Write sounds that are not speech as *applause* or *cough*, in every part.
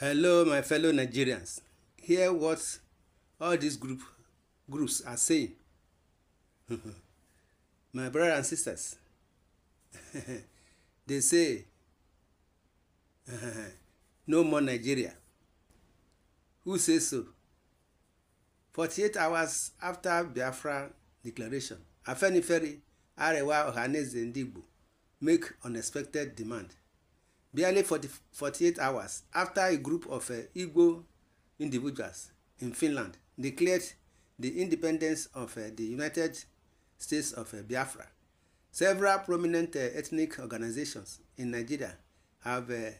Hello, my fellow Nigerians. Hear what all these group groups are saying. *laughs* my brothers and sisters, *laughs* they say, *laughs* no more Nigeria. Who say so? Forty-eight hours after Biafra declaration, Afenifere, Arewa Ohaneze Ndigbo make unexpected demand barely 40, 48 hours after a group of uh, Igbo individuals in Finland declared the independence of uh, the United States of uh, Biafra. Several prominent uh, ethnic organizations in Nigeria have uh,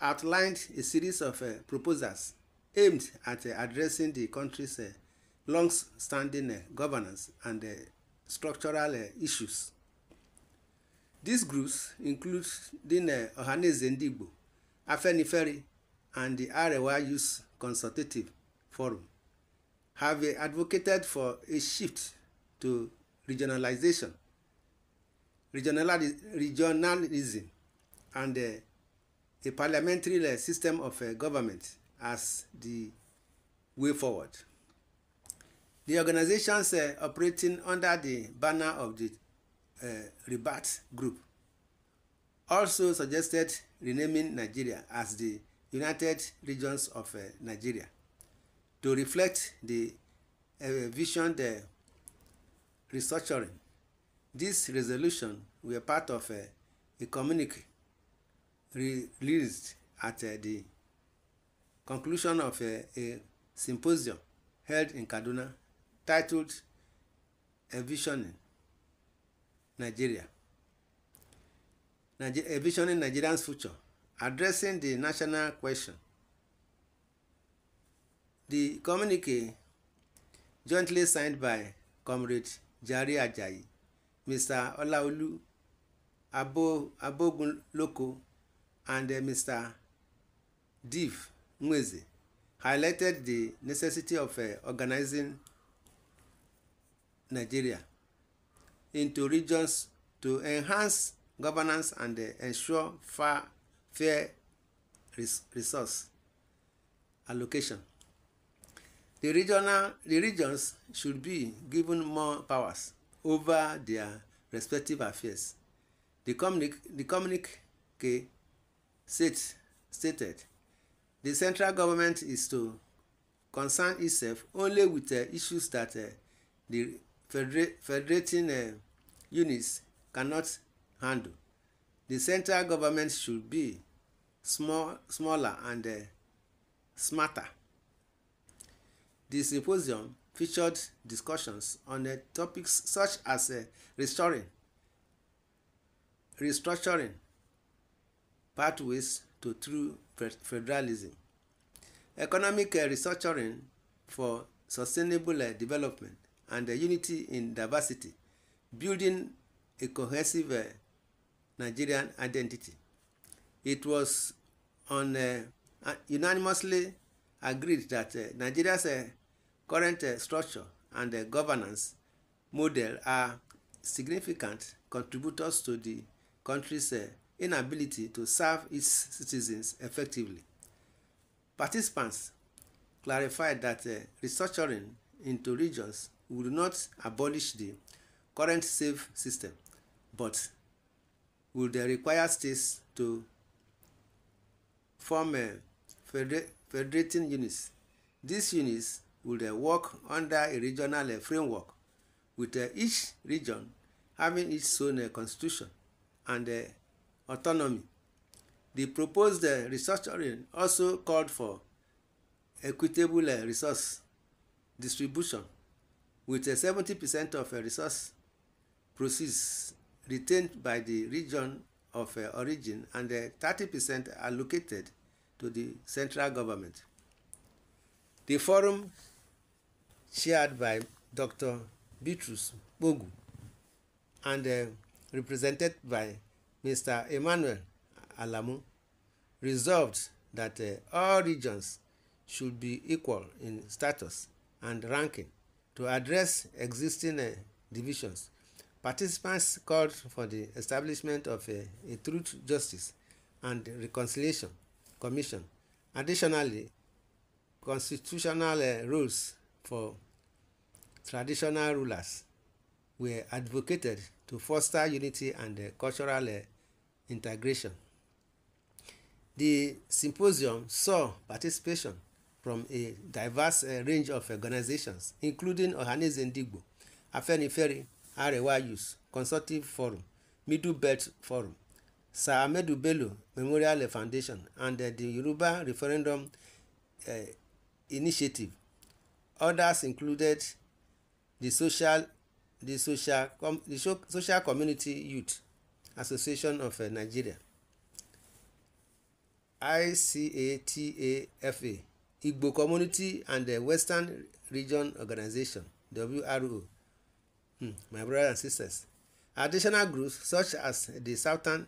outlined a series of uh, proposals aimed at uh, addressing the country's uh, long-standing uh, governance and uh, structural uh, issues. These groups include the Ọhaneze Ndị Igbo, Afenifere and the Arewa Youth Consultative Forum have advocated for a shift to regionalization, regionali regionalism and a, uh, a parliamentary uh, system of uh, government as the way forward. The organizations operating under the banner of the uh, eh, Rabat Group also suggested renaming Nigeria as the United Regions of uh, Nigeria to reflect the uh, vision the restructuring. This resolution were part of uh, a communique released at uh, the conclusion of uh, a symposium held in Kaduna titled Envisioning Nigeria. Niger a visioning Nigerian's future, addressing the national question. The communique, jointly signed by Comrade Jari Ajayi, Mr. Olaolu Abo, Abogunloko, and uh, Mr. Div Mwezi, highlighted the necessity of uh, organizing Nigeria into regions to enhance governance and ensure fair, fair resource allocation. The, regional, the regions should be given more powers over their respective affairs. The communique, the communique state, stated, the central government is to concern itself only with uh, issues that uh, the federating uh, units cannot handle. The central government should be small, smaller and uh, smarter. The symposium featured discussions on uh, topics such as uh, restoring, restructuring, pathways to true federalism, economic uh, restructuring for sustainable uh, development, and the unity in diversity, building a cohesive uh, Nigerian identity. It was on, uh, unanimously agreed that uh, Nigeria's uh, current uh, structure and uh, governance model are significant contributors to the country's inability to serve its citizens effectively. Participants clarified that restructuring into regions Would not abolish the current safe system, but would require states to form a federating units. These units would work under a regional framework, with uh, each region having its own uh, constitution and uh, autonomy. The proposed restructuring also called for equitable resource distribution with a 70% of a uh, resource proceeds retained by the region of uh, origin and 30% uh, allocated to the central government. The forum chaired by Dr. Beatrice Bogu and uh, represented by Mr. Emmanuel Alamu resolved that uh, all regions should be equal in status and ranking To address existing uh, divisions, participants called for the establishment of a, a Truth, Justice and Reconciliation Commission. Additionally, constitutional uh, rules for traditional rulers were advocated to foster unity and uh, cultural uh, integration. The symposium saw participation from a diverse uh, range of organizations including Ohanaeze Ndigbo, Afenifere, Arewa Youth Consultative Forum, Middle Belt Forum, Sir Ahmedu Bello Memorial Foundation and uh, the Yoruba Referendum uh, Initiative. Others included the Social the Social com the Social Community Youth Association of uh, Nigeria, ICATAFA. Igbo Community and the Western Region Organization, WRO. Hmm, my brothers and sisters. Additional groups such as the Southern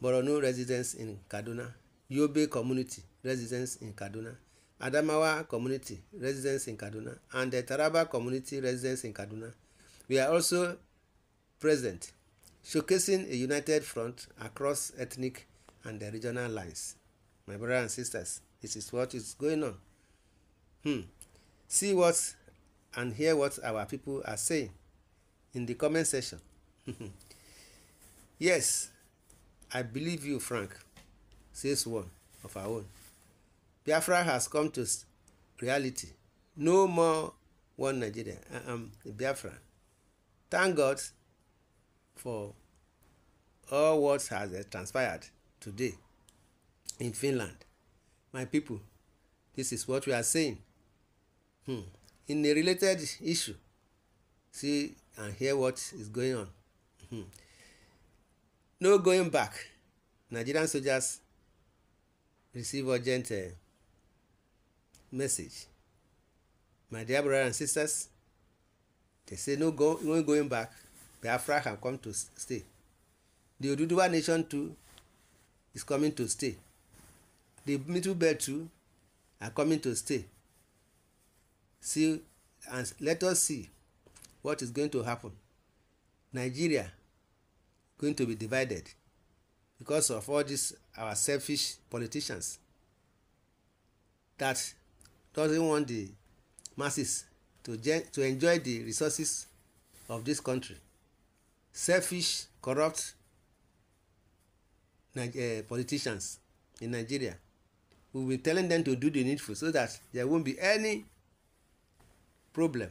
Borno residents in Kaduna, Yobe Community residents in Kaduna, Adamawa Community residents in Kaduna, and the Taraba Community residents in Kaduna We are also present, showcasing a united front across ethnic and regional lines. My brothers and sisters, This is what is going on. Hmm. See what and hear what our people are saying in the comment section. *laughs* yes, I believe you, Frank, says one of our own. Biafra has come to reality. No more one Nigeria. I uh, am um, Biafra. Thank God for all what has uh, transpired today in Finland. My people, this is what we are saying. Hmm. In a related issue, see and hear what is going on. Hmm. No going back. Nigerian soldiers receive urgent uh, message. My dear brothers and sisters, they say no, go, no going back. Biafra have come to stay. The Oduduwa nation too is coming to stay the middle too are coming to stay see and let us see what is going to happen nigeria going to be divided because of all these our selfish politicians that doesn't want the masses to, to enjoy the resources of this country selfish corrupt uh, politicians in nigeria we'll be telling them to do the needful so that there won't be any problem.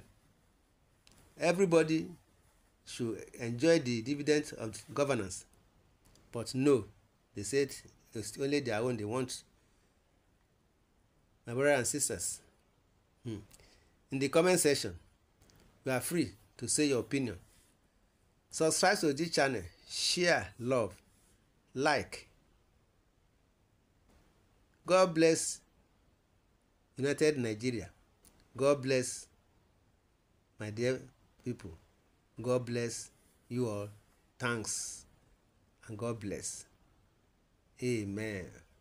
Everybody should enjoy the dividends of governance. But no, they said it's only their own they want. My brothers and sisters, hmm. in the comment section, you are free to say your opinion. Subscribe to this channel, share love, like, God bless United Nigeria. God bless my dear people. God bless you all. Thanks. And God bless. Amen.